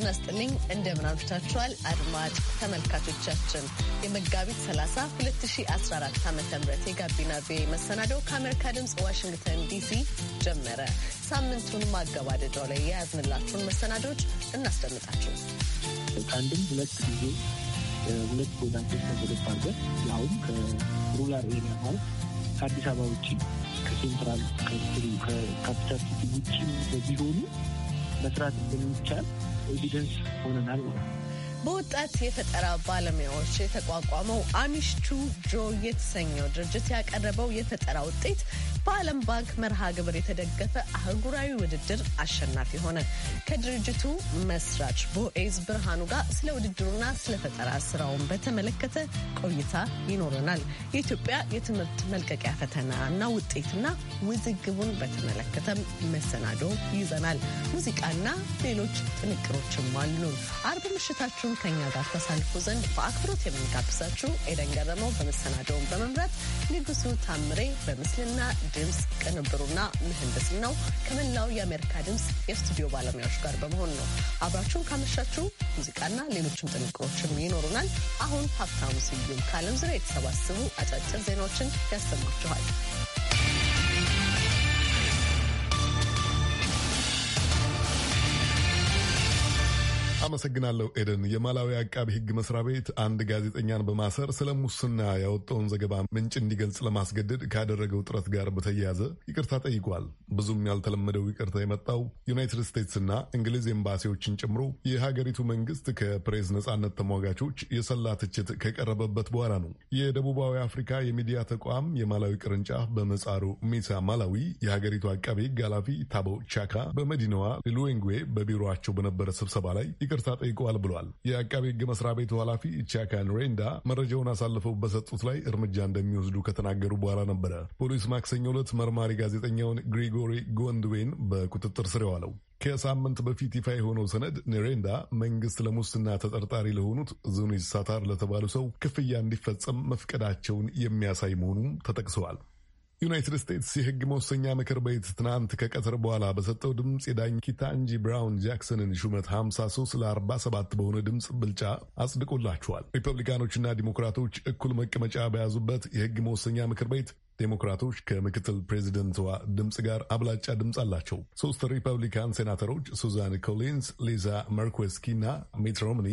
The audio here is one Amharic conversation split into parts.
ጤና ስጥልኝ እንደምን አምሽታችኋል አድማጭ ተመልካቾቻችን የመጋቢት 30 2014 ዓ ም የጋቢና ቪኦኤ መሰናደው ከአሜሪካ ድምፅ ዋሽንግተን ዲሲ ጀመረ ሳምንቱን ማገባደጃው ላይ የያዝንላችሁን መሰናዶች እናስደምጣችሁ ከአንድም ሁለት ጊዜ ሁለት ጎዳቶች ተገደብ አድርገን ያውም ከሩላር ኤሪያ ማለት ከአዲስ አበባ ውጭ ከሴንትራል ከካፒታል ሲቲ ውጭ ቢሆኑ መስራት እንደሚቻል ኤቪደንስ ሆነናል ማለት ነው። በወጣት የፈጠራ ባለሙያዎች የተቋቋመው አሚሽቱ ጆ የተሰኘው ድርጅት ያቀረበው የፈጠራ ውጤት በዓለም ባንክ መርሃ ግብር የተደገፈ አህጉራዊ ውድድር አሸናፊ ሆነ። ከድርጅቱ መስራች ቦኤዝ ብርሃኑ ጋር ስለ ውድድሩና ስለ ፈጠራ ስራውን በተመለከተ ቆይታ ይኖረናል። የኢትዮጵያ የትምህርት መልቀቂያ ፈተናና ውጤትና ውዝግቡን በተመለከተም መሰናዶ ይዘናል። ሙዚቃና ሌሎች ጥንቅሮችም አሉ። አርብ ምሽታችሁን ከኛ ጋር ተሳልፉ ዘንድ በአክብሮት የምንጋብዛችሁ ኤደን ገረመው በመሰናዶውን በመምራት ንጉሱ ታምሬ በምስልና ድምፅ ቅንብሩና ምህንድስናው ከመላው የአሜሪካ ድምፅ የስቱዲዮ ባለሙያዎች ጋር በመሆን ነው። አብራችሁን ካመሻችሁ ሙዚቃና ሌሎችም ጥንቅሮችም ይኖሩናል። አሁን ሀብታሙ ስዩም ከዓለም ዙሪያ የተሰባሰቡ አጫጭር ዜናዎችን ያሰማችኋል። አመሰግናለሁ ኤደን። የማላዊ አቃቢ ሕግ መስሪያ ቤት አንድ ጋዜጠኛን በማሰር ስለ ሙስና ያወጣውን ዘገባ ምንጭ እንዲገልጽ ለማስገደድ ካደረገው ጥረት ጋር በተያያዘ ይቅርታ ጠይቋል። ብዙም ያልተለመደው ይቅርታ የመጣው ዩናይትድ ስቴትስና እንግሊዝ ኤምባሲዎችን ጨምሮ የሀገሪቱ መንግስት ከፕሬስ ነጻነት ተሟጋቾች የሰላ ትችት ከቀረበበት በኋላ ነው። የደቡባዊ አፍሪካ የሚዲያ ተቋም የማላዊ ቅርንጫፍ በመጻሩ ሚሳ ማላዊ የሀገሪቱ አቃቢ ሕግ ኃላፊ ታቦ ቻካ በመዲናዋ ሊሉዌንጉዌ በቢሮቸው በነበረ ስብሰባ ላይ ይቅርታ ይቅርታ ጠይቀዋል ብሏል። የአቃቢ ሕግ መስሪያ ቤቱ ኃላፊ ቻካን ሬንዳ መረጃውን አሳልፈው በሰጡት ላይ እርምጃ እንደሚወስዱ ከተናገሩ በኋላ ነበረ ፖሊስ ማክሰኞ ዕለት መርማሪ ጋዜጠኛውን ግሪጎሪ ጎንድዌን በቁጥጥር ስር የዋለው። ከሳምንት በፊት ይፋ የሆነው ሰነድ ኔሬንዳ መንግስት ለሙስና ተጠርጣሪ ለሆኑት ዙኒዝ ሳታር ለተባሉ ሰው ክፍያ እንዲፈጸም መፍቀዳቸውን የሚያሳይ መሆኑም ተጠቅሰዋል። ዩናይትድ ስቴትስ የሕግ መወሰኛ ምክር ቤት ትናንት ከቀትር በኋላ በሰጠው ድምፅ የዳኝ ኪታንጂ ብራውን ጃክሰንን ሹመት 53 ለ47 በሆነ ድምፅ ብልጫ አጽድቆላቸዋል። ሪፐብሊካኖችና ዲሞክራቶች እኩል መቀመጫ በያዙበት የሕግ መወሰኛ ምክር ቤት ዴሞክራቶች ከምክትል ፕሬዚደንትዋ ድምፅ ጋር አብላጫ ድምፅ አላቸው። ሶስት ሪፐብሊካን ሴናተሮች ሱዛን ኮሊንስ፣ ሊዛ መርኮስኪ እና ሚት ሮምኒ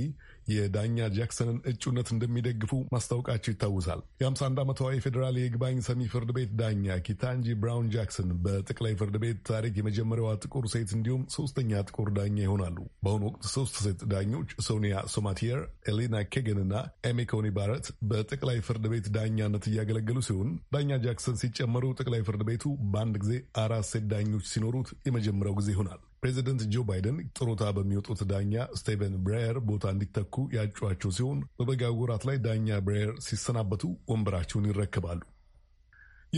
የዳኛ ጃክሰንን እጩነት እንደሚደግፉ ማስታወቃቸው ይታወሳል። የ51 ዓመቷ የፌዴራል የይግባኝ ሰሚ ፍርድ ቤት ዳኛ ኪታንጂ ብራውን ጃክሰን በጠቅላይ ፍርድ ቤት ታሪክ የመጀመሪያዋ ጥቁር ሴት እንዲሁም ሶስተኛ ጥቁር ዳኛ ይሆናሉ። በአሁኑ ወቅት ሶስት ሴት ዳኞች ሶኒያ ሶማቲየር፣ ኤሊና ኬገን እና ኤሜኮኒ ባረት በጠቅላይ ፍርድ ቤት ዳኛነት እያገለገሉ ሲሆን ዳኛ ጃክሰን ሲጨመሩ ጠቅላይ ፍርድ ቤቱ በአንድ ጊዜ አራት ሴት ዳኞች ሲኖሩት የመጀመሪያው ጊዜ ይሆናል። ፕሬዚደንት ጆ ባይደን ጥሮታ በሚወጡት ዳኛ ስቴቨን ብሬየር ቦታ እንዲተኩ ያጯቸው ሲሆን በበጋ ወራት ላይ ዳኛ ብሬየር ሲሰናበቱ ወንበራቸውን ይረክባሉ።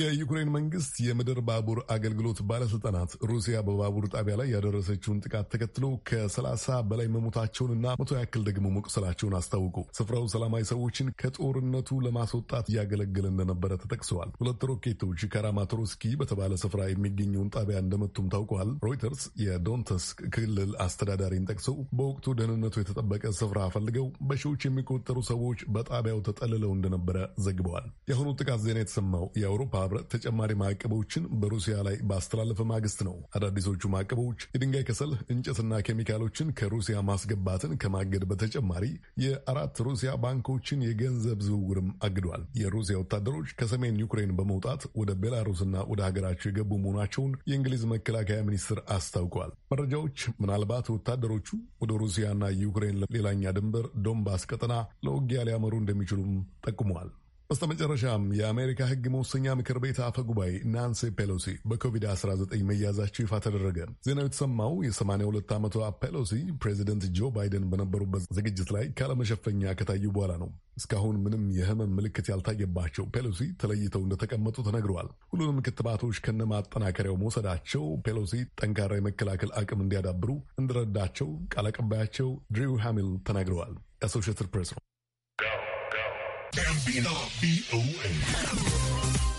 የዩክሬን መንግስት የምድር ባቡር አገልግሎት ባለስልጣናት ሩሲያ በባቡር ጣቢያ ላይ ያደረሰችውን ጥቃት ተከትሎ ከ30 በላይ መሞታቸውንና መቶ ያክል ደግሞ መቁሰላቸውን አስታውቁ። ስፍራው ሰላማዊ ሰዎችን ከጦርነቱ ለማስወጣት እያገለገለ እንደነበረ ተጠቅሰዋል። ሁለት ሮኬቶች ከራማቶርስኪ በተባለ ስፍራ የሚገኘውን ጣቢያ እንደመቱም ታውቋል። ሮይተርስ የዶንተስክ ክልል አስተዳዳሪን ጠቅሰው በወቅቱ ደህንነቱ የተጠበቀ ስፍራ ፈልገው በሺዎች የሚቆጠሩ ሰዎች በጣቢያው ተጠልለው እንደነበረ ዘግበዋል። የአሁኑ ጥቃት ዜና የተሰማው የአውሮፓ ህብረት ተጨማሪ ማዕቀቦችን በሩሲያ ላይ ባስተላለፈ ማግስት ነው። አዳዲሶቹ ማዕቀቦች የድንጋይ ከሰል፣ እንጨትና ኬሚካሎችን ከሩሲያ ማስገባትን ከማገድ በተጨማሪ የአራት ሩሲያ ባንኮችን የገንዘብ ዝውውርም አግዷል። የሩሲያ ወታደሮች ከሰሜን ዩክሬን በመውጣት ወደ ቤላሩስና ወደ ሀገራቸው የገቡ መሆናቸውን የእንግሊዝ መከላከያ ሚኒስትር አስታውቋል። መረጃዎች ምናልባት ወታደሮቹ ወደ ሩሲያና ዩክሬን ሌላኛ ድንበር ዶንባስ ቀጠና ለውጊያ ሊያመሩ እንደሚችሉም ጠቁመዋል። በስተመጨረሻም የአሜሪካ ሕግ መወሰኛ ምክር ቤት አፈ ጉባኤ ናንሲ ፔሎሲ በኮቪድ-19 መያዛቸው ይፋ ተደረገ። ዜናው የተሰማው የ82 ዓመቷ ፔሎሲ ፕሬዚደንት ጆ ባይደን በነበሩበት ዝግጅት ላይ ካለመሸፈኛ ከታዩ በኋላ ነው። እስካሁን ምንም የህመም ምልክት ያልታየባቸው ፔሎሲ ተለይተው እንደተቀመጡ ተነግረዋል። ሁሉንም ክትባቶች ከነ ማጠናከሪያው መውሰዳቸው ፔሎሲ ጠንካራ የመከላከል አቅም እንዲያዳብሩ እንድረዳቸው ቃል አቀባያቸው ድሪው ሃሚል ተናግረዋል። አሶሺየትድ ፕሬስ ነው። Bambino B-O-A.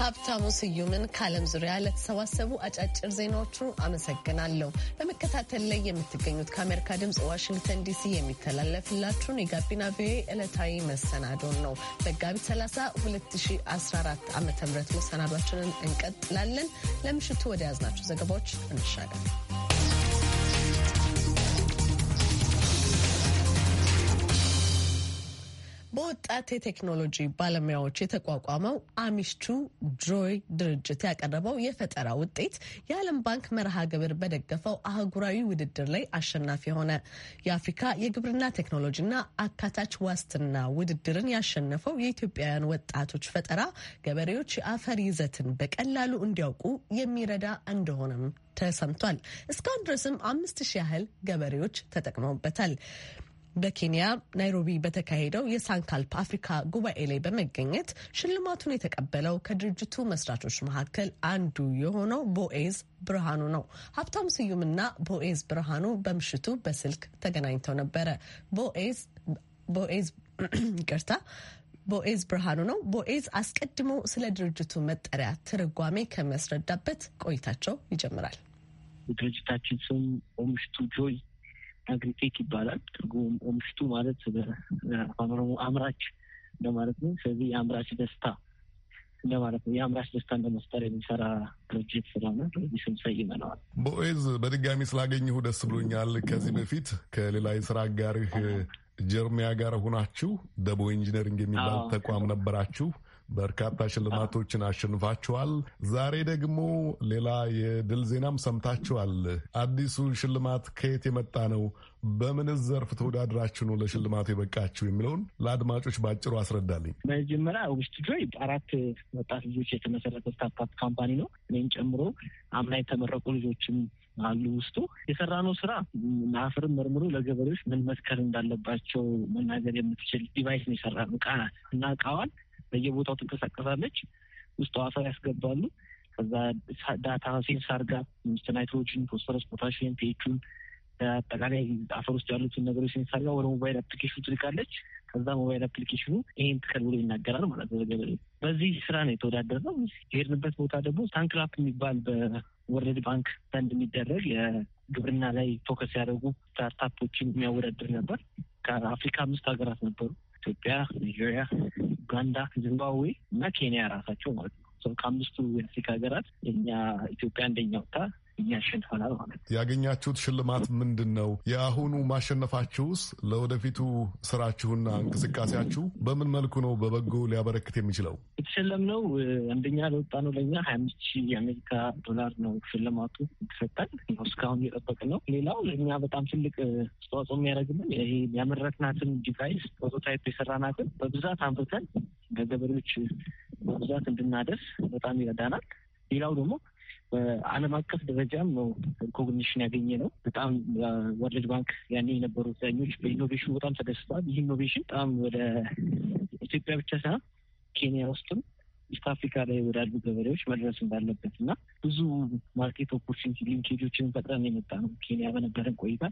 ሀብታሙ ስዩምን ከዓለም ዙሪያ ለተሰባሰቡ አጫጭር ዜናዎቹ አመሰግናለሁ። በመከታተል ላይ የምትገኙት ከአሜሪካ ድምፅ ዋሽንግተን ዲሲ የሚተላለፍላችሁን የጋቢና ቪኦኤ ዕለታዊ መሰናዶን ነው። መጋቢት 30 2014 ዓ ም መሰናዷችንን እንቀጥላለን። ለምሽቱ ወደ ያዝናቸው ዘገባዎች እንሻገር። በወጣት የቴክኖሎጂ ባለሙያዎች የተቋቋመው አሚሽቹ ጆይ ድርጅት ያቀረበው የፈጠራ ውጤት የዓለም ባንክ መርሃ ግብር በደገፈው አህጉራዊ ውድድር ላይ አሸናፊ ሆነ። የአፍሪካ የግብርና ቴክኖሎጂና አካታች ዋስትና ውድድርን ያሸነፈው የኢትዮጵያውያን ወጣቶች ፈጠራ ገበሬዎች የአፈር ይዘትን በቀላሉ እንዲያውቁ የሚረዳ እንደሆነም ተሰምቷል። እስካሁን ድረስም አምስት ሺህ ያህል ገበሬዎች ተጠቅመውበታል። በኬንያ ናይሮቢ በተካሄደው የሳንካልፕ አፍሪካ ጉባኤ ላይ በመገኘት ሽልማቱን የተቀበለው ከድርጅቱ መስራቾች መካከል አንዱ የሆነው ቦኤዝ ብርሃኑ ነው። ስዩም ስዩምና ቦኤዝ ብርሃኑ በምሽቱ በስልክ ተገናኝተው ነበረ። ቦኤዝ ቦኤዝ ይቅርታ ቦኤዝ ብርሃኑ ነው። ቦኤዝ አስቀድሞ ስለ ድርጅቱ መጠሪያ ትርጓሜ ከሚያስረዳበት ቆይታቸው ይጀምራል። ድርጅታችን ስም ኦምሽቱ ጆይ አግሪቴክ ይባላል። ትርጉም ኦምሽቱ ማለት አምራች እንደማለት ነው። ስለዚህ የአምራች ደስታ እንደማለት ነው። የአምራች ደስታ እንደመፍጠር የሚሰራ ድርጅት ስለሆነ ድርጅት ስም ሰይመነዋል። ቦኤዝ፣ በድጋሚ ስላገኘሁ ደስ ብሎኛል። ከዚህ በፊት ከሌላ የስራ አጋርህ ጀርሚያ ጋር ሆናችሁ ደቦ ኢንጂነሪንግ የሚባል ተቋም ነበራችሁ። በርካታ ሽልማቶችን አሸንፋችኋል። ዛሬ ደግሞ ሌላ የድል ዜናም ሰምታችኋል። አዲሱ ሽልማት ከየት የመጣ ነው? በምን ዘርፍ ተወዳድራችሁ ነው ለሽልማቱ የበቃችሁ የሚለውን ለአድማጮች በአጭሩ አስረዳልኝ። መጀመሪያ ውስጥ ጆይ አራት ወጣት ልጆች የተመሰረተ ስታርታፕ ካምፓኒ ነው። እኔም ጨምሮ አምና የተመረቁ ልጆችም አሉ። ውስጡ የሰራነው ስራ አፈርን መርምሮ ለገበሬዎች ምን መትከል እንዳለባቸው መናገር የምትችል ዲቫይስ ነው የሰራነው እቃ እና እቃዋን በየቦታው ትንቀሳቀሳለች። ውስጥ አፈር ያስገባሉ። ከዛ ዳታ ሴንሳር ጋር ናይትሮጅን፣ ፎስፈረስ፣ ፖታሽን ፔቹን አጠቃላይ አፈር ውስጥ ያሉትን ነገሮች ሴንሳር ጋር ወደ ሞባይል አፕሊኬሽን ትልካለች። ከዛ ሞባይል አፕሊኬሽኑ ይህን ትከል ብሎ ይናገራል ማለት ነው። በዚህ ስራ ነው የተወዳደር ነው። የሄድንበት ቦታ ደግሞ ታንክላፕ የሚባል በወርልድ ባንክ ዘንድ የሚደረግ የግብርና ላይ ፎከስ ያደረጉ ስታርታፖችን የሚያወዳድር ነበር። ከአፍሪካ አምስት ሀገራት ነበሩ። ኢትዮጵያ፣ ኒጀሪያ፣ ኡጋንዳ፣ ዚምባብዌ እና ኬንያ ራሳቸው ማለት ነው። ከአምስቱ የአፍሪካ ሀገራት እኛ ኢትዮጵያ አንደኛ ወጥታ እኛ አሸንፈናል ማለት ነው። ያገኛችሁት ሽልማት ምንድን ነው? የአሁኑ ማሸነፋችሁስ ለወደፊቱ ስራችሁና እንቅስቃሴያችሁ በምን መልኩ ነው በበጎ ሊያበረክት የሚችለው? የተሸለምነው አንደኛ ነው። ለእኛ ሀያ አምስት ሺህ የአሜሪካ ዶላር ነው ሽልማቱ የተሰጠን እስካሁን እየጠበቅ ነው። ሌላው ለእኛ በጣም ትልቅ አስተዋጽኦ የሚያደርግልን ይሄ ያመረትናትን ዲቫይስ ፕሮቶታይፕ የሰራናትን በብዛት አምርተን ለገበሬዎች በብዛት እንድናደርስ በጣም ይረዳናል። ሌላው ደግሞ በዓለም አቀፍ ደረጃም ነው ሪኮግኒሽን ያገኘ ነው። በጣም ወርልድ ባንክ ያኔ የነበሩ ዳኞች በኢኖቬሽኑ በጣም ተደስተዋል። ይህ ኢኖቬሽን በጣም ወደ ኢትዮጵያ ብቻ ሳይሆን ኬንያ ውስጥም ኢስት አፍሪካ ላይ ወዳሉ ገበሬዎች መድረስ እንዳለበት እና ብዙ ማርኬት ኦፖርቹኒቲ ሊንኬጆችን ፈጥረን የመጣ ነው ኬንያ በነበረን ቆይታ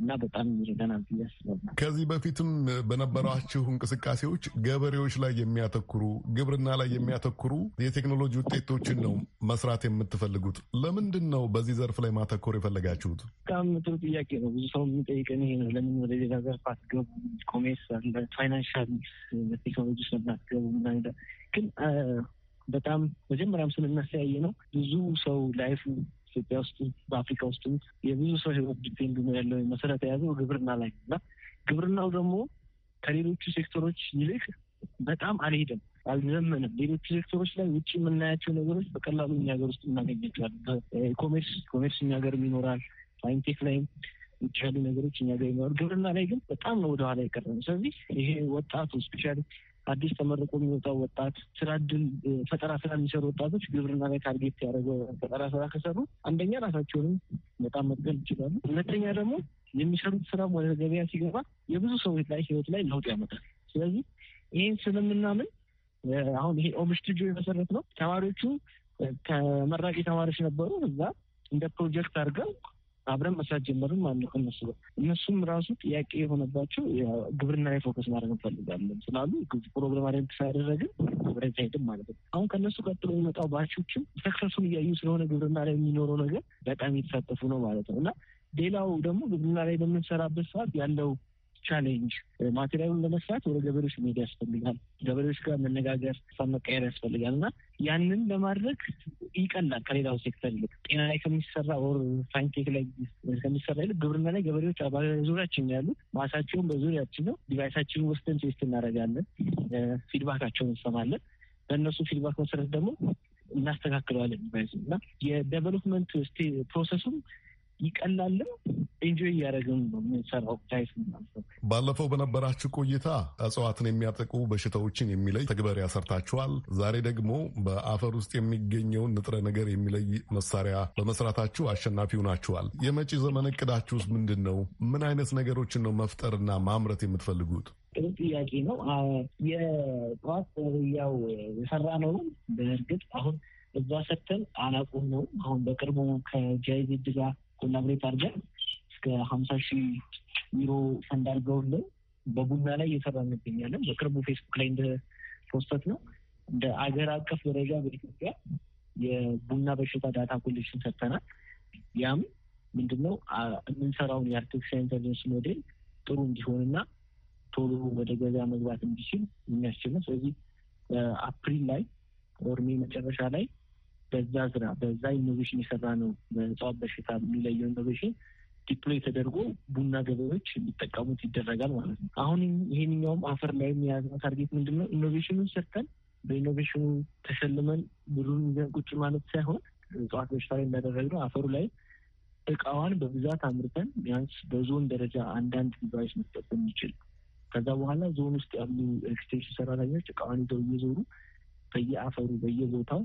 እና በጣም ይረዳናል ብዬ አስባለሁ። ከዚህ በፊትም በነበራችሁ እንቅስቃሴዎች ገበሬዎች ላይ የሚያተኩሩ ግብርና ላይ የሚያተኩሩ የቴክኖሎጂ ውጤቶችን ነው መስራት የምትፈልጉት። ለምንድን ነው በዚህ ዘርፍ ላይ ማተኮር የፈለጋችሁት? በጣም ጥሩ ጥያቄ ነው። ብዙ ሰው የሚጠይቀን ይሄ ነው። ለምን ወደ ሌላ ዘርፍ አትገቡ? ኮሜርስ አለ፣ ፋይናንሻል ቴክኖሎጂ ስለምናትገቡ ግን በጣም መጀመሪያም ስለምናስተያየ ነው ብዙ ሰው ላይፉ ኢትዮጵያ ውስጥ በአፍሪካ ውስጥ የብዙ ሰው ህይወት ዲፔንድ ነው ያለው መሰረት የያዘው ግብርና ላይ እና ግብርናው ደግሞ ከሌሎቹ ሴክተሮች ይልቅ በጣም አልሄደም፣ አልዘመንም። ሌሎቹ ሴክተሮች ላይ ውጭ የምናያቸው ነገሮች በቀላሉ እኛ ሀገር ውስጥ እናገኛቸዋለን። ኮሜርስ ኮሜርስ እኛ ሀገርም ይኖራል። ሳይንቴክ ላይም ውጭ ያሉ ነገሮች እኛ ሀገር ይኖራል። ግብርና ላይ ግን በጣም ነው ወደኋላ የቀረም። ስለዚህ ይሄ ወጣቱ ስፔሻሊ አዲስ ተመርቆ የሚወጣው ወጣት ስራ እድል ፈጠራ ስራ የሚሰሩ ወጣቶች ግብርና ላይ ታርጌት ያደረገ ፈጠራ ስራ ከሰሩ አንደኛ ራሳቸውንም በጣም መጥገል ይችላሉ። ሁለተኛ ደግሞ የሚሰሩት ስራ ወደ ገበያ ሲገባ የብዙ ሰዎች ላይ ህይወት ላይ ለውጥ ያመጣል። ስለዚህ ይህን ስለምናምን አሁን ይሄ ኦምሽትጆ የመሰረት ነው። ተማሪዎቹ ተመራቂ ተማሪዎች ነበሩ። እዛ እንደ ፕሮጀክት አድርገው አብረን መስራት ጀመርን ማለት ነው ከነሱ ጋር። እነሱም ራሱ ጥያቄ የሆነባቸው ግብርና ላይ ፎከስ ማድረግ እንፈልጋለን ስላሉ ፕሮግራም አደንት ሳያደረግን ወደዛ ሄድን ማለት ነው። አሁን ከነሱ ቀጥሎ የሚመጣው ባቾችም ሰክሰሱን እያዩ ስለሆነ ግብርና ላይ የሚኖረው ነገር በጣም የተሳተፉ ነው ማለት ነው እና ሌላው ደግሞ ግብርና ላይ በምንሰራበት ሰዓት ያለው ቻሌንጅ ማቴሪያሉን eh, ለመስራት ወደ ገበሬዎች መሄድ ያስፈልጋል። ገበሬዎች ጋር መነጋገር መቀየር ያስፈልጋል እና ያንን ለማድረግ ይቀላል ከሌላው ሴክተር ይልቅ ጤና ላይ ከሚሰራ ኦር ሳይንቴክ ላይ ከሚሰራ ይልቅ ግብርና ላይ ገበሬዎች ዙሪያችን ያሉ ማሳቸውን በዙሪያችን ነው። ዲቫይሳችን ወስደን ቴስት እናደርጋለን። ፊድባካቸውን እንሰማለን። በእነሱ ፊድባክ መሰረት ደግሞ እናስተካክለዋለን ዲቫይስ እና የዴቨሎፕመንት ፕሮሰሱም ይቀላልም ኤንጆይ እያደረግም የሚሰራው ታይፍ ባለፈው በነበራችሁ ቆይታ እጽዋትን የሚያጠቁ በሽታዎችን የሚለይ ተግበሪያ ሰርታችኋል። ዛሬ ደግሞ በአፈር ውስጥ የሚገኘውን ንጥረ ነገር የሚለይ መሳሪያ በመስራታችሁ አሸናፊ ሆናችኋል። የመጪ ዘመን እቅዳችሁስ ምንድን ነው? ምን አይነት ነገሮችን ነው መፍጠርና ማምረት የምትፈልጉት? ጥሩ ጥያቄ ነው። የጠዋት ያው የሰራ ነው። በእርግጥ አሁን እዛ ሰተን አላቁም ነው። አሁን በቅርቡ ከጃይዜድ ጋር ኮላብሬት አድርገን እስከ ሀምሳ ሺህ ዩሮ ፈንድ አድርገውልን በቡና ላይ እየሰራ እንገኛለን። በቅርቡ ፌስቡክ ላይ እንደ ፖስተት ነው እንደ አገር አቀፍ ደረጃ በኢትዮጵያ የቡና በሽታ ዳታ ኮሌክሽን ሰጥተናል። ያም ምንድነው የምንሰራውን የአርቲፊሻል ኢንተሊጀንስ ሞዴል ጥሩ እንዲሆንና ቶሎ ወደ ገበያ መግባት እንዲችል የሚያስችል ነው። ስለዚህ በአፕሪል ላይ ኦርሜ መጨረሻ ላይ በዛ ስራ በዛ ኢኖቬሽን የሰራ ነው በእጽዋት በሽታ የሚለየው ኢኖቬሽን ዲፕሎይ ተደርጎ ቡና ገበሬዎች እንዲጠቀሙት ይደረጋል ማለት ነው። አሁን ይሄንኛውም አፈር ላይ የያዝነው ታርጌት ምንድን ነው? ኢኖቬሽኑን ሰርተን በኢኖቬሽኑ ተሸልመን ብሩን ይዘን ቁጭ ማለት ሳይሆን እጽዋት በሽታ ላይ እንዳደረግነው አፈሩ ላይ እቃዋን በብዛት አምርተን ቢያንስ በዞን ደረጃ አንዳንድ ዲቫይስ መስጠት የሚችል ከዛ በኋላ ዞን ውስጥ ያሉ ኤክስቴንሽን ሰራተኞች እቃዋን ይዘው እየዞሩ በየአፈሩ በየቦታው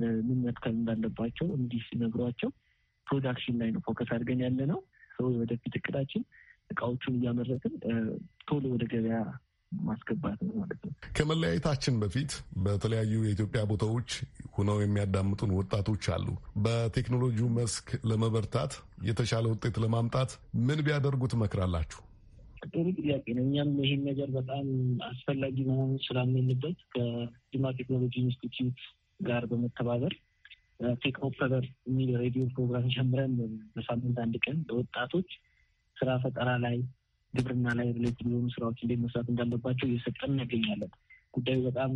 ምን መትከል እንዳለባቸው እንዲህ ሲነግሯቸው ፕሮዳክሽን ላይ ነው ፎከስ አድርገን ያለ ነው። ሰው ወደፊት እቅዳችን እቃዎቹን እያመረትን ቶሎ ወደ ገበያ ማስገባት ነው ማለት ነው። ከመለያየታችን በፊት በተለያዩ የኢትዮጵያ ቦታዎች ሆነው የሚያዳምጡን ወጣቶች አሉ። በቴክኖሎጂው መስክ ለመበርታት የተሻለ ውጤት ለማምጣት ምን ቢያደርጉ ትመክራላችሁ? ጥሩ ጥያቄ ነው። እኛም ይህን ነገር በጣም አስፈላጊ መሆኑን ስላመንበት ከጅማ ቴክኖሎጂ ኢንስቲትዩት ጋር በመተባበር ቴክ ኦቨር የሚል ሬዲዮ ፕሮግራም ጀምረን በሳምንት አንድ ቀን በወጣቶች ስራ ፈጠራ ላይ፣ ግብርና ላይ ሪሌት የሚሆኑ ስራዎች እንዴት መስራት እንዳለባቸው እየሰጠን እናገኛለን። ጉዳዩ በጣም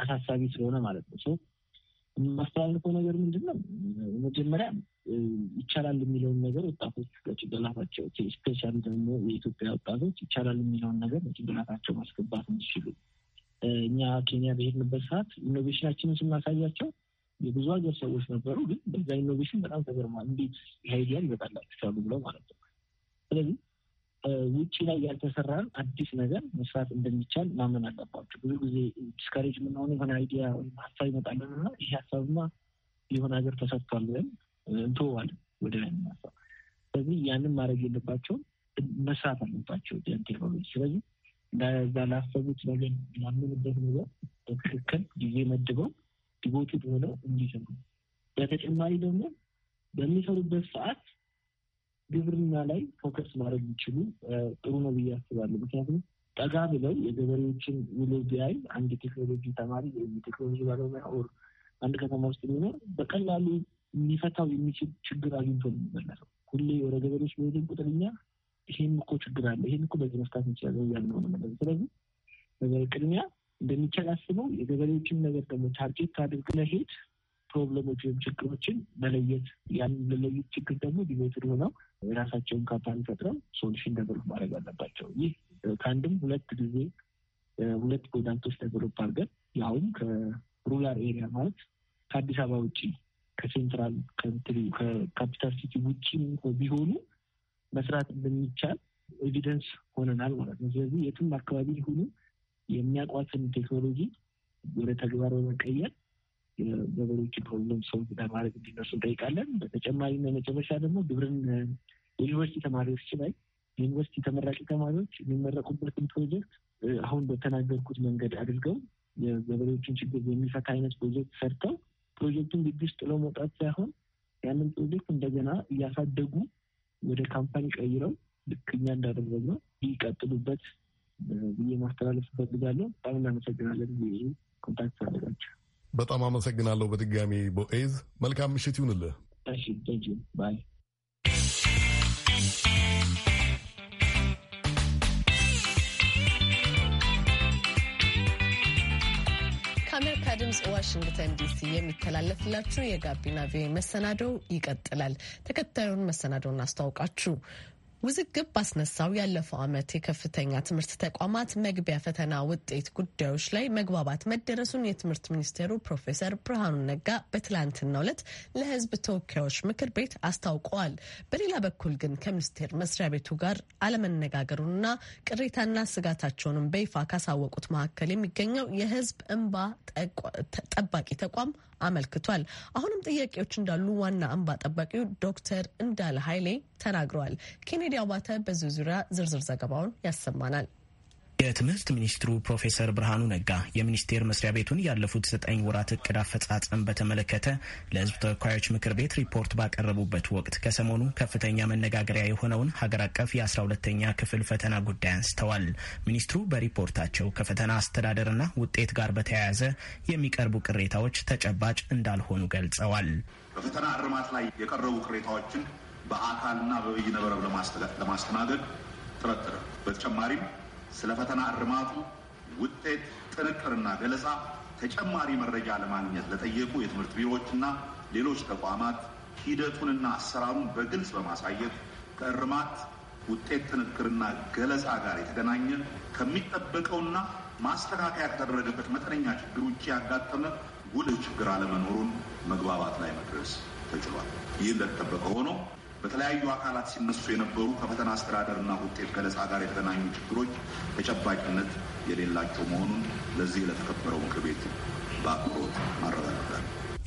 አሳሳቢ ስለሆነ ማለት ነው። የማስተላልፈው ነገር ምንድን ነው? መጀመሪያ ይቻላል የሚለውን ነገር ወጣቶች በጭንቅላታቸው ስፔሻል ደግሞ የኢትዮጵያ ወጣቶች ይቻላል የሚለውን ነገር በጭንቅላታቸው ማስገባት እንዲችሉ እኛ ኬንያ በሄድንበት ሰዓት ኢኖቬሽናችንን ስናሳያቸው የብዙ ሀገር ሰዎች ነበሩ፣ ግን በዛ ኢኖቬሽን በጣም ተገርሟል። እንዴት ይህ አይዲያ ይመጣላችኋል ብለው ማለት ነው። ስለዚህ ውጭ ላይ ያልተሰራን አዲስ ነገር መስራት እንደሚቻል ማመን አለባቸው። ብዙ ጊዜ ዲስካሬጅ የምንሆነ የሆነ አይዲያ ወይም ሀሳብ ይመጣለን እና ይህ ሀሳብማ የሆነ ሀገር ተሰጥቷል ብለን እንተዋለን ወደ ላይ ስለዚህ ያንን ማድረግ የለባቸውም፣ መስራት አለባቸው ቴክኖሎጂ። ስለዚህ በዛ ላሰቡት ነገር ላመኑበት ነገር በትክክል ጊዜ መድበው ዲቮትድ ሆነው እንዲሰሩ፣ በተጨማሪ ደግሞ በሚሰሩበት ሰዓት ግብርና ላይ ፎከስ ማድረግ ይችሉ ጥሩ ነው ብዬ አስባለሁ። ምክንያቱም ጠጋ ብለው የገበሬዎችን ውሎ ቢያይ አንድ ቴክኖሎጂ ተማሪ ወይም ቴክኖሎጂ ባለሙያ ኦር አንድ ከተማ ውስጥ ሊኖር በቀላሉ ሊፈታው የሚችል ችግር አግኝቶ ነው የሚመለሰው። ሁሌ ወደ ገበሬዎች በሄድን ቁጥር እኛ ይሄም እኮ ችግር አለ፣ ይሄን እኮ በዚህ መፍታት እንችላለን እያለ ነው ነገር። ስለዚህ ነገር ቅድሚያ እንደሚቻል አስበው የገበሬዎችን ነገር ደግሞ ታርጌት ካድርግ ለሄድ ፕሮብለሞች ወይም ችግሮችን መለየት ያን ለለዩት ችግር ደግሞ ዲሜትር ሆነው የራሳቸውን ካምፓኒ ፈጥረው ሶሉሽን ደብሎ ማድረግ አለባቸው። ይህ ከአንድም ሁለት ጊዜ ሁለት ፕሮዳክቶች ደቨሎፕ አድርገን ያውም ከሩላር ኤሪያ ማለት ከአዲስ አበባ ውጭ ከሴንትራል ከካፒታል ሲቲ ውጭ ቢሆኑ መስራት እንደሚቻል ኤቪደንስ ሆነናል ማለት ነው። ስለዚህ የትም አካባቢ ሊሆኑ የሚያውቋትን ቴክኖሎጂ ወደ ተግባር በመቀየር ገበሬዎችን ከሁሉም ሰው ለማድረግ እንዲነሱ እንጠይቃለን። በተጨማሪ መጨረሻ ደግሞ ግብርን የዩኒቨርሲቲ ተማሪዎች ላይ ዩኒቨርሲቲ ተመራቂ ተማሪዎች የሚመረቁበትን ፕሮጀክት አሁን በተናገርኩት መንገድ አድርገው የገበሬዎችን ችግር የሚፈታ አይነት ፕሮጀክት ሰርተው ፕሮጀክቱን ግቢ ውስጥ ጥለው መውጣት ሳይሆን ያንን ፕሮጀክት እንደገና እያሳደጉ ወደ ካምፓኒ ቀይረው ልክኛ እኛ እንዳደረግነው ይቀጥሉበት ብዬ ማስተላለፍ እፈልጋለሁ። በጣም እናመሰግናለን። ኮንታክት ፈልጋቸው። በጣም አመሰግናለሁ። በድጋሚ ቦኤዝ መልካም ምሽት ይሁንልህ። እሺ፣ ባይ ድምፅ ዋሽንግተን ዲሲ የሚተላለፍላችሁ የጋቢና ቪኦኤ መሰናዶው ይቀጥላል። ተከታዩን መሰናዶውን አስተዋውቃችሁ ውዝግብ ባስነሳው ያለፈው ዓመት የከፍተኛ ትምህርት ተቋማት መግቢያ ፈተና ውጤት ጉዳዮች ላይ መግባባት መደረሱን የትምህርት ሚኒስቴሩ ፕሮፌሰር ብርሃኑ ነጋ በትላንትናው ዕለት ለሕዝብ ተወካዮች ምክር ቤት አስታውቀዋል። በሌላ በኩል ግን ከሚኒስቴር መስሪያ ቤቱ ጋር አለመነጋገሩንና ቅሬታና ስጋታቸውንም በይፋ ካሳወቁት መካከል የሚገኘው የሕዝብ እንባ ጠባቂ ተቋም አመልክቷል። አሁንም ጥያቄዎች እንዳሉ ዋና እንባ ጠባቂው ዶክተር እንዳለ ኃይሌ ተናግረዋል። ኬኔዲ አባተ በዚህ ዙሪያ ዝርዝር ዘገባውን ያሰማናል። የትምህርት ሚኒስትሩ ፕሮፌሰር ብርሃኑ ነጋ የሚኒስቴር መስሪያ ቤቱን ያለፉት ዘጠኝ ወራት እቅድ አፈጻጸም በተመለከተ ለሕዝብ ተወካዮች ምክር ቤት ሪፖርት ባቀረቡበት ወቅት ከሰሞኑ ከፍተኛ መነጋገሪያ የሆነውን ሀገር አቀፍ የአስራ ሁለተኛ ክፍል ፈተና ጉዳይ አንስተዋል። ሚኒስትሩ በሪፖርታቸው ከፈተና አስተዳደርና ውጤት ጋር በተያያዘ የሚቀርቡ ቅሬታዎች ተጨባጭ እንዳልሆኑ ገልጸዋል። በፈተና እርማት ላይ የቀረቡ ቅሬታዎችን በአካልና በበይነ መረብ ለማስተናገድ ጥረት ተደርጓል። በተጨማሪም ስለ ፈተና እርማቱ ውጤት ጥንቅርና ገለጻ ተጨማሪ መረጃ ለማግኘት ለጠየቁ የትምህርት ቢሮዎችና ሌሎች ተቋማት ሂደቱንና አሰራሩን በግልጽ በማሳየት ከእርማት ውጤት ጥንቅርና ገለጻ ጋር የተገናኘ ከሚጠበቀውና ማስተካከያ ከተደረገበት መጠነኛ ችግር ውጭ ያጋጠመ ጉልህ ችግር አለመኖሩን መግባባት ላይ መድረስ ተችሏል። ይህ እንደተጠበቀ ሆኖ በተለያዩ አካላት ሲነሱ የነበሩ ከፈተና አስተዳደርና ውጤት ገለጻ ጋር የተገናኙ ችግሮች ተጨባጭነት የሌላቸው መሆኑን ለዚህ ለተከበረው ምክር ቤት በአክብሮት ማረጋገጥ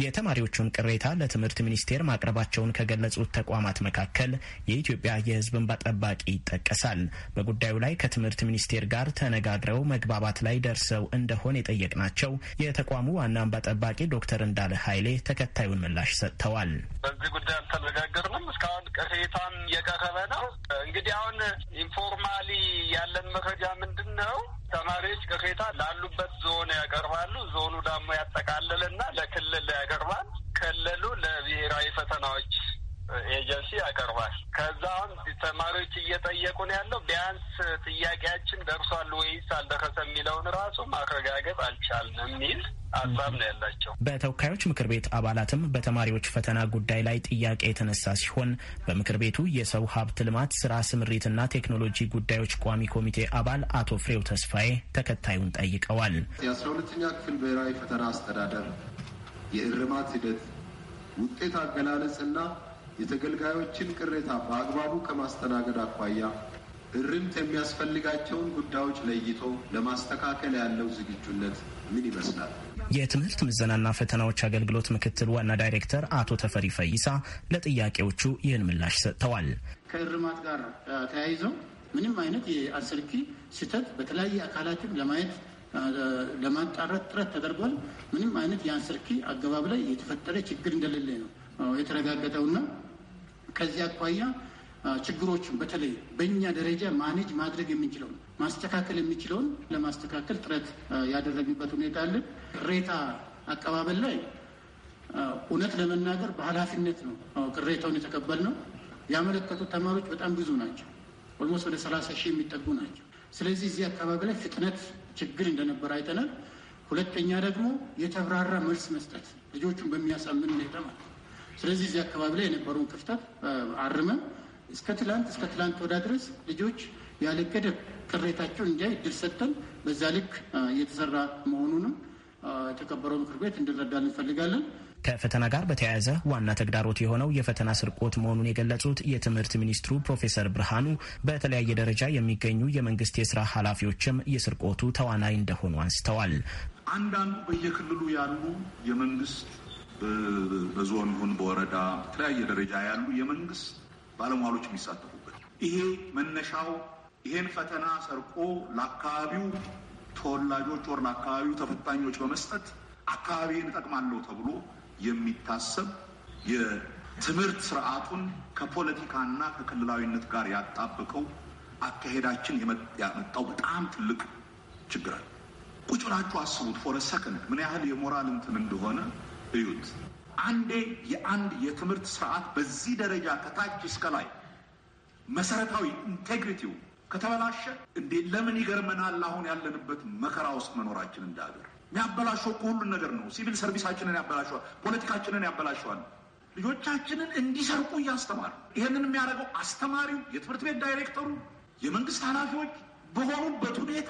የተማሪዎቹን ቅሬታ ለትምህርት ሚኒስቴር ማቅረባቸውን ከገለጹት ተቋማት መካከል የኢትዮጵያ የሕዝብ እንባ ጠባቂ ይጠቀሳል። በጉዳዩ ላይ ከትምህርት ሚኒስቴር ጋር ተነጋግረው መግባባት ላይ ደርሰው እንደሆነ የጠየቅናቸው የተቋሙ ዋና እንባ ጠባቂ ዶክተር እንዳለ ኃይሌ ተከታዩን ምላሽ ሰጥተዋል። በዚህ ጉዳይ አልተነጋገርንም። እስካሁን ቅሬታም የቀረበ ነው። እንግዲህ አሁን ኢንፎርማሊ ያለን መረጃ ምንድን ነው? ተማሪዎች ቅሬታ ላሉበት ዞን ያቀርባሉ። ዞኑ ደግሞ ያጠቃልልና ለክልል ያቀርባል። ክልሉ ለብሔራዊ ፈተናዎች ኤጀንሲ ያቀርባል። ከዛም ተማሪዎች እየጠየቁ ነው ያለው። ቢያንስ ጥያቄያችን ደርሷል ወይስ አልደረሰ የሚለውን ራሱ ማረጋገጥ አልቻልንም የሚል ሀሳብ ነው ያላቸው። በተወካዮች ምክር ቤት አባላትም በተማሪዎች ፈተና ጉዳይ ላይ ጥያቄ የተነሳ ሲሆን በምክር ቤቱ የሰው ሀብት ልማት ስራ ስምሪትና ቴክኖሎጂ ጉዳዮች ቋሚ ኮሚቴ አባል አቶ ፍሬው ተስፋዬ ተከታዩን ጠይቀዋል። የአስራ ሁለተኛ ክፍል ብሔራዊ ፈተና አስተዳደር የእርማት ሂደት ውጤት አገላለጽና የተገልጋዮችን ቅሬታ በአግባቡ ከማስተናገድ አኳያ እርምት የሚያስፈልጋቸውን ጉዳዮች ለይቶ ለማስተካከል ያለው ዝግጁነት ምን ይመስላል? የትምህርት ምዘናና ፈተናዎች አገልግሎት ምክትል ዋና ዳይሬክተር አቶ ተፈሪ ፈይሳ ለጥያቄዎቹ ይህን ምላሽ ሰጥተዋል። ከእርማት ጋር ተያይዘው ምንም አይነት የአስርኪ ስህተት በተለያየ አካላትም ለማየት ለማጣራት ጥረት ተደርጓል። ምንም አይነት የአንስርኪ አገባብ ላይ የተፈጠረ ችግር እንደሌለ ነው የተረጋገጠውና ከዚህ አኳያ ችግሮችን በተለይ በእኛ ደረጃ ማኔጅ ማድረግ የምንችለውን ማስተካከል የምንችለውን ለማስተካከል ጥረት ያደረግንበት ሁኔታ አለ። ቅሬታ አቀባበል ላይ እውነት ለመናገር በኃላፊነት ነው ቅሬታውን የተቀበልነው። ያመለከቱት ተማሪዎች በጣም ብዙ ናቸው። ኦልሞስት ወደ ሰላሳ ሺህ የሚጠጉ ናቸው። ስለዚህ እዚህ አካባቢ ላይ ፍጥነት ችግር እንደነበር አይተናል። ሁለተኛ ደግሞ የተብራራ መልስ መስጠት ልጆቹን በሚያሳምን ሁኔታ ማለት ነው። ስለዚህ እዚህ አካባቢ ላይ የነበረውን ክፍተት አርመን እስከ ትላንት እስከ ትላንት ወዳ ድረስ ልጆች ያለ ገደብ ቅሬታቸው እንዲያ እድል ሰጠን። በዛ ልክ እየተሰራ መሆኑንም የተከበረው ምክር ቤት እንዲረዳ እንፈልጋለን። ከፈተና ጋር በተያያዘ ዋና ተግዳሮት የሆነው የፈተና ስርቆት መሆኑን የገለጹት የትምህርት ሚኒስትሩ ፕሮፌሰር ብርሃኑ በተለያየ ደረጃ የሚገኙ የመንግስት የስራ ኃላፊዎችም የስርቆቱ ተዋናይ እንደሆኑ አንስተዋል። አንዳንዱ በየክልሉ ያሉ የመንግስት በዞን ሁን በወረዳ በተለያየ ደረጃ ያሉ የመንግስት ባለሟሎች የሚሳተፉበት ይሄ መነሻው ይሄን ፈተና ሰርቆ ለአካባቢው ተወላጆች ወር ለአካባቢው ተፈታኞች በመስጠት አካባቢን እጠቅማለሁ ተብሎ የሚታሰብ የትምህርት ስርዓቱን ከፖለቲካና ከክልላዊነት ጋር ያጣበቀው አካሄዳችን ያመጣው በጣም ትልቅ ችግር አለ። ቁጭ ብላችሁ አስቡት ፎረ ሰከንድ ምን ያህል የሞራል እንትን እንደሆነ እዩት። አንዴ የአንድ የትምህርት ስርዓት በዚህ ደረጃ ከታች እስከ ላይ መሰረታዊ ኢንቴግሪቲው ከተበላሸ እንዴ ለምን ይገርመናል አሁን ያለንበት መከራ ውስጥ መኖራችን እንዳገር የሚያበላሸው እኮ ሁሉን ነገር ነው። ሲቪል ሰርቪሳችንን ያበላሸዋል፣ ፖለቲካችንን ያበላሸዋል። ልጆቻችንን እንዲሰርቁ እያስተማር ይህንን የሚያደርገው አስተማሪው፣ የትምህርት ቤት ዳይሬክተሩ፣ የመንግስት ኃላፊዎች በሆኑበት ሁኔታ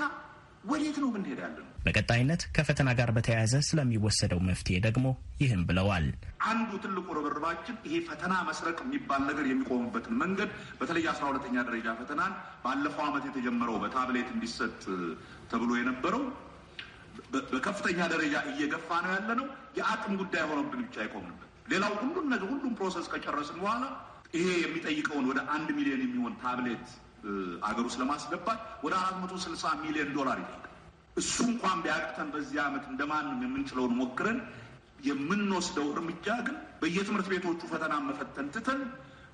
ወዴት ነው ምንሄድ ያለ ነው? በቀጣይነት ከፈተና ጋር በተያያዘ ስለሚወሰደው መፍትሄ ደግሞ ይህም ብለዋል። አንዱ ትልቁ ርብርባችን ይሄ ፈተና መስረቅ የሚባል ነገር የሚቆምበትን መንገድ በተለይ አስራ ሁለተኛ ደረጃ ፈተናን ባለፈው ዓመት የተጀመረው በታብሌት እንዲሰጥ ተብሎ የነበረው በከፍተኛ ደረጃ እየገፋ ነው ያለ ነው። የአቅም ጉዳይ ሆኖብን ብቻ አይቆምንበት። ሌላው ሁሉም ነገር ሁሉም ፕሮሰስ ከጨረስን በኋላ ይሄ የሚጠይቀውን ወደ አንድ ሚሊዮን የሚሆን ታብሌት አገር ውስጥ ለማስገባት ወደ አራት መቶ ስልሳ ሚሊዮን ዶላር ይጠይቃል። እሱ እንኳን ቢያቅተን በዚህ ዓመት እንደማንም የምንችለውን ሞክረን የምንወስደው እርምጃ ግን በየትምህርት ቤቶቹ ፈተና መፈተን ትተን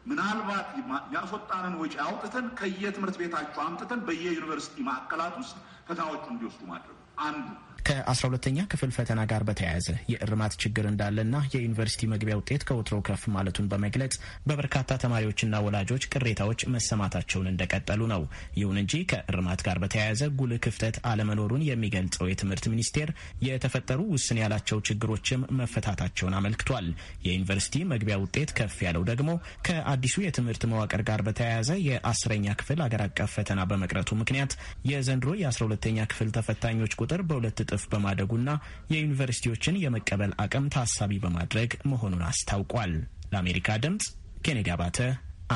ምናልባት ያስወጣንን ወጪ አውጥተን ከየትምህርት ቤታቸው አምጥተን በየዩኒቨርሲቲ ማዕከላት ውስጥ ፈተናዎቹ እንዲወስዱ ማድረግ አንዱ ከአስራ ሁለተኛ ክፍል ፈተና ጋር በተያያዘ የእርማት ችግር እንዳለና የዩኒቨርሲቲ መግቢያ ውጤት ከወትሮ ከፍ ማለቱን በመግለጽ በበርካታ ተማሪዎችና ወላጆች ቅሬታዎች መሰማታቸውን እንደቀጠሉ ነው። ይሁን እንጂ ከእርማት ጋር በተያያዘ ጉልህ ክፍተት አለመኖሩን የሚገልጸው የትምህርት ሚኒስቴር የተፈጠሩ ውስን ያላቸው ችግሮችም መፈታታቸውን አመልክቷል። የዩኒቨርሲቲ መግቢያ ውጤት ከፍ ያለው ደግሞ ከአዲሱ የትምህርት መዋቅር ጋር በተያያዘ የአስረኛ ክፍል አገር አቀፍ ፈተና በመቅረቱ ምክንያት የዘንድሮ የአስራ ሁለተኛ ክፍል ተፈታኞች ቁጥር በሁለት እጥፍ በማደጉና የዩኒቨርሲቲዎችን የመቀበል አቅም ታሳቢ በማድረግ መሆኑን አስታውቋል። ለአሜሪካ ድምጽ ኬኔዲ አባተ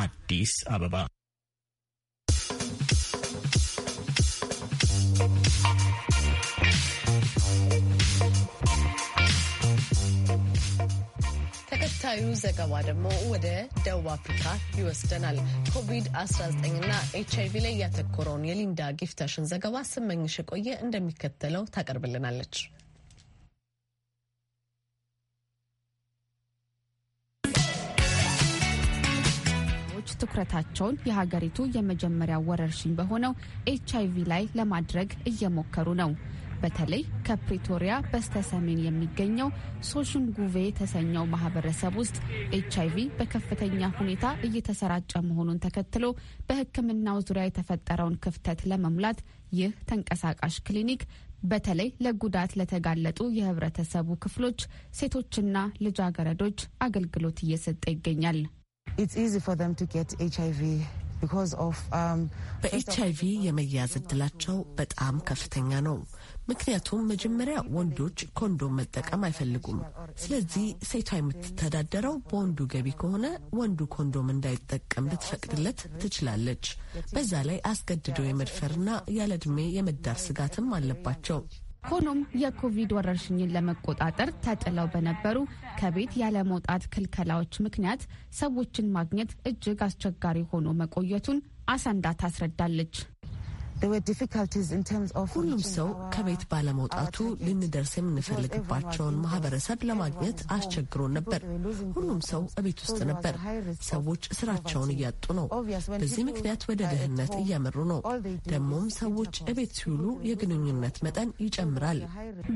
አዲስ አበባ። ቀጣዩ ዘገባ ደግሞ ወደ ደቡብ አፍሪካ ይወስደናል። ኮቪድ-19ና ኤች አይቪ ላይ ያተኮረውን የሊንዳ ጊፍተሽን ዘገባ ስመኝሽ የቆየ እንደሚከተለው ታቀርብልናለች። ትኩረታቸውን የሀገሪቱ የመጀመሪያ ወረርሽኝ በሆነው ኤች አይቪ ላይ ለማድረግ እየሞከሩ ነው። በተለይ ከፕሪቶሪያ በስተሰሜን የሚገኘው ሶሹን ጉቬ የተሰኘው ማህበረሰብ ውስጥ ኤች አይቪ በከፍተኛ ሁኔታ እየተሰራጨ መሆኑን ተከትሎ በሕክምናው ዙሪያ የተፈጠረውን ክፍተት ለመሙላት ይህ ተንቀሳቃሽ ክሊኒክ በተለይ ለጉዳት ለተጋለጡ የህብረተሰቡ ክፍሎች ሴቶችና ልጃገረዶች አገልግሎት እየሰጠ ይገኛል። It's easy for them to get HIV Um, በኤች የመያዝ እድላቸው በጣም ከፍተኛ ነው። ምክንያቱም መጀመሪያ ወንዶች ኮንዶም መጠቀም አይፈልጉም። ስለዚህ ሴቷ የምትተዳደረው በወንዱ ገቢ ከሆነ ወንዱ ኮንዶም እንዳይጠቀም ልትፈቅድለት ትችላለች። በዛ ላይ አስገድዶ የመድፈርና ያለ እድሜ የመዳር ስጋትም አለባቸው። ሆኖም የኮቪድ ወረርሽኝን ለመቆጣጠር ተጥለው በነበሩ ከቤት ያለመውጣት ክልከላዎች ምክንያት ሰዎችን ማግኘት እጅግ አስቸጋሪ ሆኖ መቆየቱን አሳንዳ ታስረዳለች። ሁሉም ሰው ከቤት ባለመውጣቱ ልንደርስ የምንፈልግባቸውን ማህበረሰብ ለማግኘት አስቸግሮን ነበር። ሁሉም ሰው እቤት ውስጥ ነበር። ሰዎች ስራቸውን እያጡ ነው። በዚህ ምክንያት ወደ ድህነት እያመሩ ነው። ደግሞም ሰዎች እቤት ሲውሉ የግንኙነት መጠን ይጨምራል።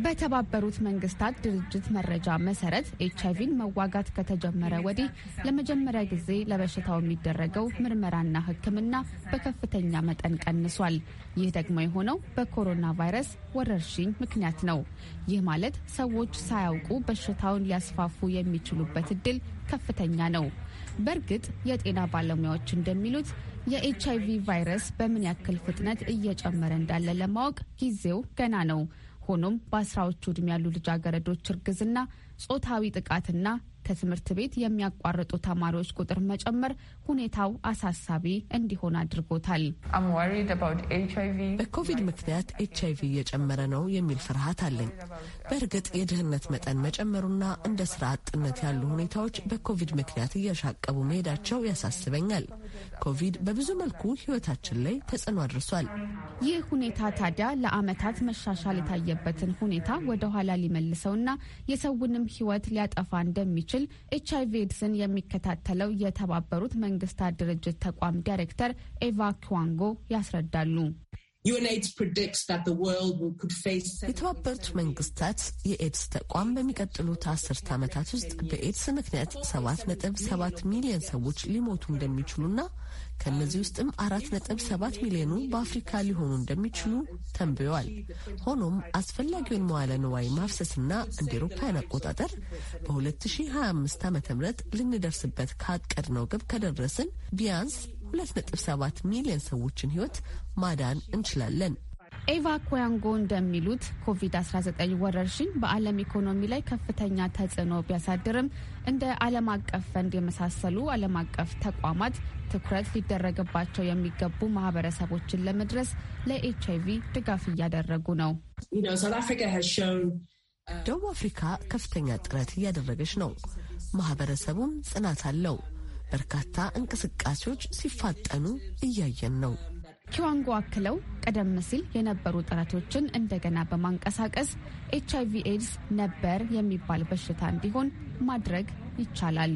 በተባበሩት መንግስታት ድርጅት መረጃ መሰረት ኤች አይቪን መዋጋት ከተጀመረ ወዲህ ለመጀመሪያ ጊዜ ለበሽታው የሚደረገው ምርመራና ሕክምና በከፍተኛ መጠን ቀንሷል። ይህ ደግሞ የሆነው በኮሮና ቫይረስ ወረርሽኝ ምክንያት ነው። ይህ ማለት ሰዎች ሳያውቁ በሽታውን ሊያስፋፉ የሚችሉበት እድል ከፍተኛ ነው። በእርግጥ የጤና ባለሙያዎች እንደሚሉት የኤች አይ ቪ ቫይረስ በምን ያክል ፍጥነት እየጨመረ እንዳለ ለማወቅ ጊዜው ገና ነው። ሆኖም በአስራዎቹ ዕድሜ ያሉ ልጃገረዶች እርግዝና፣ ጾታዊ ጥቃትና ከትምህርት ቤት የሚያቋርጡ ተማሪዎች ቁጥር መጨመር ሁኔታው አሳሳቢ እንዲሆን አድርጎታል። በኮቪድ ምክንያት ኤች አይቪ እየጨመረ ነው የሚል ፍርሃት አለኝ። በእርግጥ የድህነት መጠን መጨመሩና እንደ ስራ አጥነት ያሉ ሁኔታዎች በኮቪድ ምክንያት እያሻቀቡ መሄዳቸው ያሳስበኛል። ኮቪድ በብዙ መልኩ ሕይወታችን ላይ ተጽዕኖ አድርሷል። ይህ ሁኔታ ታዲያ ለዓመታት መሻሻል የታየበትን ሁኔታ ወደ ኋላ ሊመልሰውና የሰውንም ሕይወት ሊያጠፋ እንደሚችል ኤች አይቪ ኤድስን የሚከታተለው የተባበሩት መንግስታት ድርጅት ተቋም ዳይሬክተር ኤቫ ኪዋንጎ ያስረዳሉ። የተባበሩት መንግስታት የኤድስ ተቋም በሚቀጥሉት አስርት ዓመታት ውስጥ በኤድስ ምክንያት ሰባት ነጥብ ሰባት ሚሊዮን ሰዎች ሊሞቱ እንደሚችሉና ከእነዚህ ውስጥም አራት ነጥብ ሰባት ሚሊዮኑ በአፍሪካ ሊሆኑ እንደሚችሉ ተንብየዋል። ሆኖም አስፈላጊውን መዋለ ንዋይ ማፍሰስና እንደ ኤሮፓያን አቆጣጠር በ2025 ዓ ም ልንደርስበት ካቀድነው ግብ ከደረስን ቢያንስ 2.7 ሚሊዮን ሰዎችን ህይወት ማዳን እንችላለን። ኤቫ ኮያንጎ እንደሚሉት ኮቪድ-19 ወረርሽኝ በዓለም ኢኮኖሚ ላይ ከፍተኛ ተጽዕኖ ቢያሳድርም እንደ ዓለም አቀፍ ፈንድ የመሳሰሉ ዓለም አቀፍ ተቋማት ትኩረት ሊደረግባቸው የሚገቡ ማህበረሰቦችን ለመድረስ ለኤች አይቪ ድጋፍ እያደረጉ ነው። uh, ደቡብ አፍሪካ ከፍተኛ ጥረት እያደረገች ነው። ማህበረሰቡም ጽናት አለው። በርካታ እንቅስቃሴዎች ሲፋጠኑ እያየን ነው። ኪዋንጎ አክለው ቀደም ሲል የነበሩ ጥረቶችን እንደገና በማንቀሳቀስ ኤች አይቪ ኤድስ ነበር የሚባል በሽታ እንዲሆን ማድረግ ይቻላል።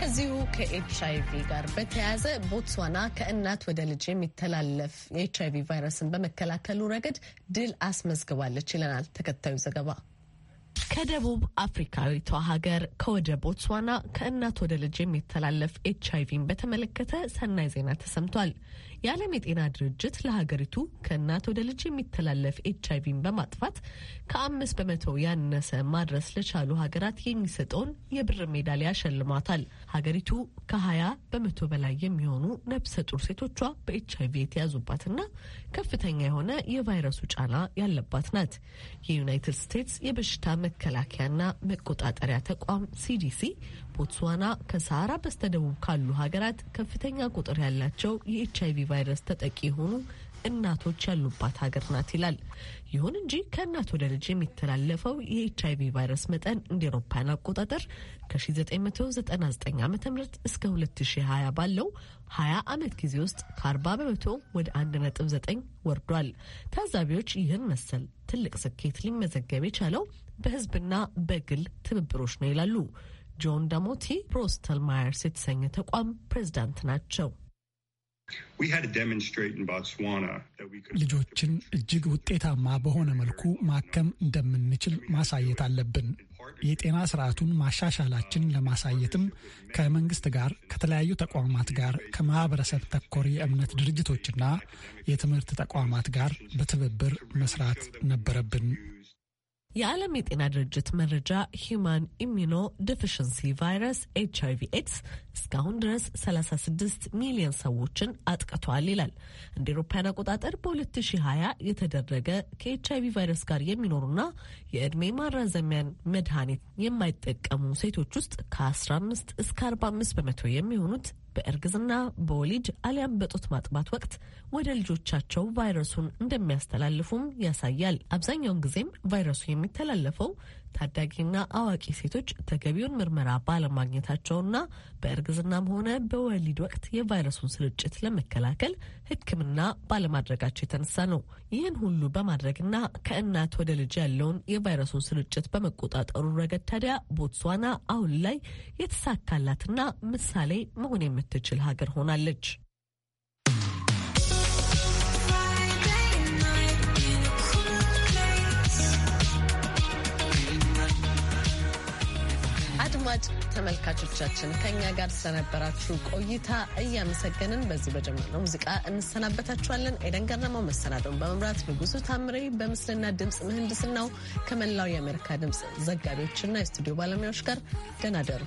ከዚሁ ከኤች አይቪ ጋር በተያያዘ ቦትስዋና ከእናት ወደ ልጅ የሚተላለፍ የኤች አይቪ ቫይረስን በመከላከሉ ረገድ ድል አስመዝግባለች ይለናል ተከታዩ ዘገባ። ከደቡብ አፍሪካዊቷ ሀገር ከወደ ቦትስዋና ከእናት ወደ ልጅ የሚተላለፍ ኤች አይቪን በተመለከተ ሰናይ ዜና ተሰምቷል። የዓለም የጤና ድርጅት ለሀገሪቱ ከእናት ወደ ልጅ የሚተላለፍ ኤች አይቪን በማጥፋት ከአምስት በመቶ ያነሰ ማድረስ ለቻሉ ሀገራት የሚሰጠውን የብር ሜዳሊያ ሸልሟታል። ሀገሪቱ ከሀያ በመቶ በላይ የሚሆኑ ነብሰ ጡር ሴቶቿ በኤች አይቪ የተያዙባትና ከፍተኛ የሆነ የቫይረሱ ጫና ያለባት ናት። የዩናይትድ ስቴትስ የበሽታ መከላከያና መቆጣጠሪያ ተቋም ሲዲሲ ቦትስዋና ከሰሃራ በስተደቡብ ካሉ ሀገራት ከፍተኛ ቁጥር ያላቸው የኤች አይቪ ቫይረስ ተጠቂ የሆኑ እናቶች ያሉባት ሀገር ናት ይላል። ይሁን እንጂ ከእናት ወደ ልጅ የሚተላለፈው የኤች አይቪ ቫይረስ መጠን እንደ ኤሮፓያን አቆጣጠር ከ1999 ዓ ም እስከ 2020 ባለው 20 ዓመት ጊዜ ውስጥ ከ40 በመቶ ወደ 1.9 ወርዷል። ታዛቢዎች ይህን መሰል ትልቅ ስኬት ሊመዘገብ የቻለው በህዝብና በግል ትብብሮች ነው ይላሉ። ጆን ደሞቲ ብሮስተል ማየርስ የተሰኘ ተቋም ፕሬዝዳንት ናቸው። ልጆችን እጅግ ውጤታማ በሆነ መልኩ ማከም እንደምንችል ማሳየት አለብን። የጤና ስርዓቱን ማሻሻላችን ለማሳየትም ከመንግስት ጋር፣ ከተለያዩ ተቋማት ጋር፣ ከማህበረሰብ ተኮር የእምነት ድርጅቶችና የትምህርት ተቋማት ጋር በትብብር መስራት ነበረብን። የዓለም የጤና ድርጅት መረጃ ሂዩማን ኢሚኖ ዲፊሽንሲ ቫይረስ ኤች አይቪ ኤድስ እስካሁን ድረስ 36 ሚሊዮን ሰዎችን አጥቅቷል ይላል። እንደ ኤሮፓያን አቆጣጠር በ2020 የተደረገ ከኤች አይቪ ቫይረስ ጋር የሚኖሩና የዕድሜ ማራዘሚያን መድኃኒት የማይጠቀሙ ሴቶች ውስጥ ከ15 እስከ 45 በመቶ የሚሆኑት በእርግዝና በወሊድ አሊያም በጡት ማጥባት ወቅት ወደ ልጆቻቸው ቫይረሱን እንደሚያስተላልፉም ያሳያል። አብዛኛውን ጊዜም ቫይረሱ የሚተላለፈው ታዳጊና አዋቂ ሴቶች ተገቢውን ምርመራ ባለማግኘታቸውና በእርግዝናም ሆነ በወሊድ ወቅት የቫይረሱን ስርጭት ለመከላከል ሕክምና ባለማድረጋቸው የተነሳ ነው። ይህን ሁሉ በማድረግና ከእናት ወደ ልጅ ያለውን የቫይረሱን ስርጭት በመቆጣጠሩ ረገድ ታዲያ ቦትስዋና አሁን ላይ የተሳካላትና ምሳሌ መሆን የምትችል ሀገር ሆናለች። አድማጭ ተመልካቾቻችን ከእኛ ጋር ስለነበራችሁ ቆይታ እያመሰገንን በዚህ በጀመርነው ሙዚቃ እንሰናበታችኋለን። ኤደን ገረመው መሰናዶውን በመምራት ንጉሱ ታምሬ በምስልና ድምፅ ምህንድስናው ከመላው የአሜሪካ ድምፅ ዘጋቢዎችና የስቱዲዮ ባለሙያዎች ጋር ደናደሩ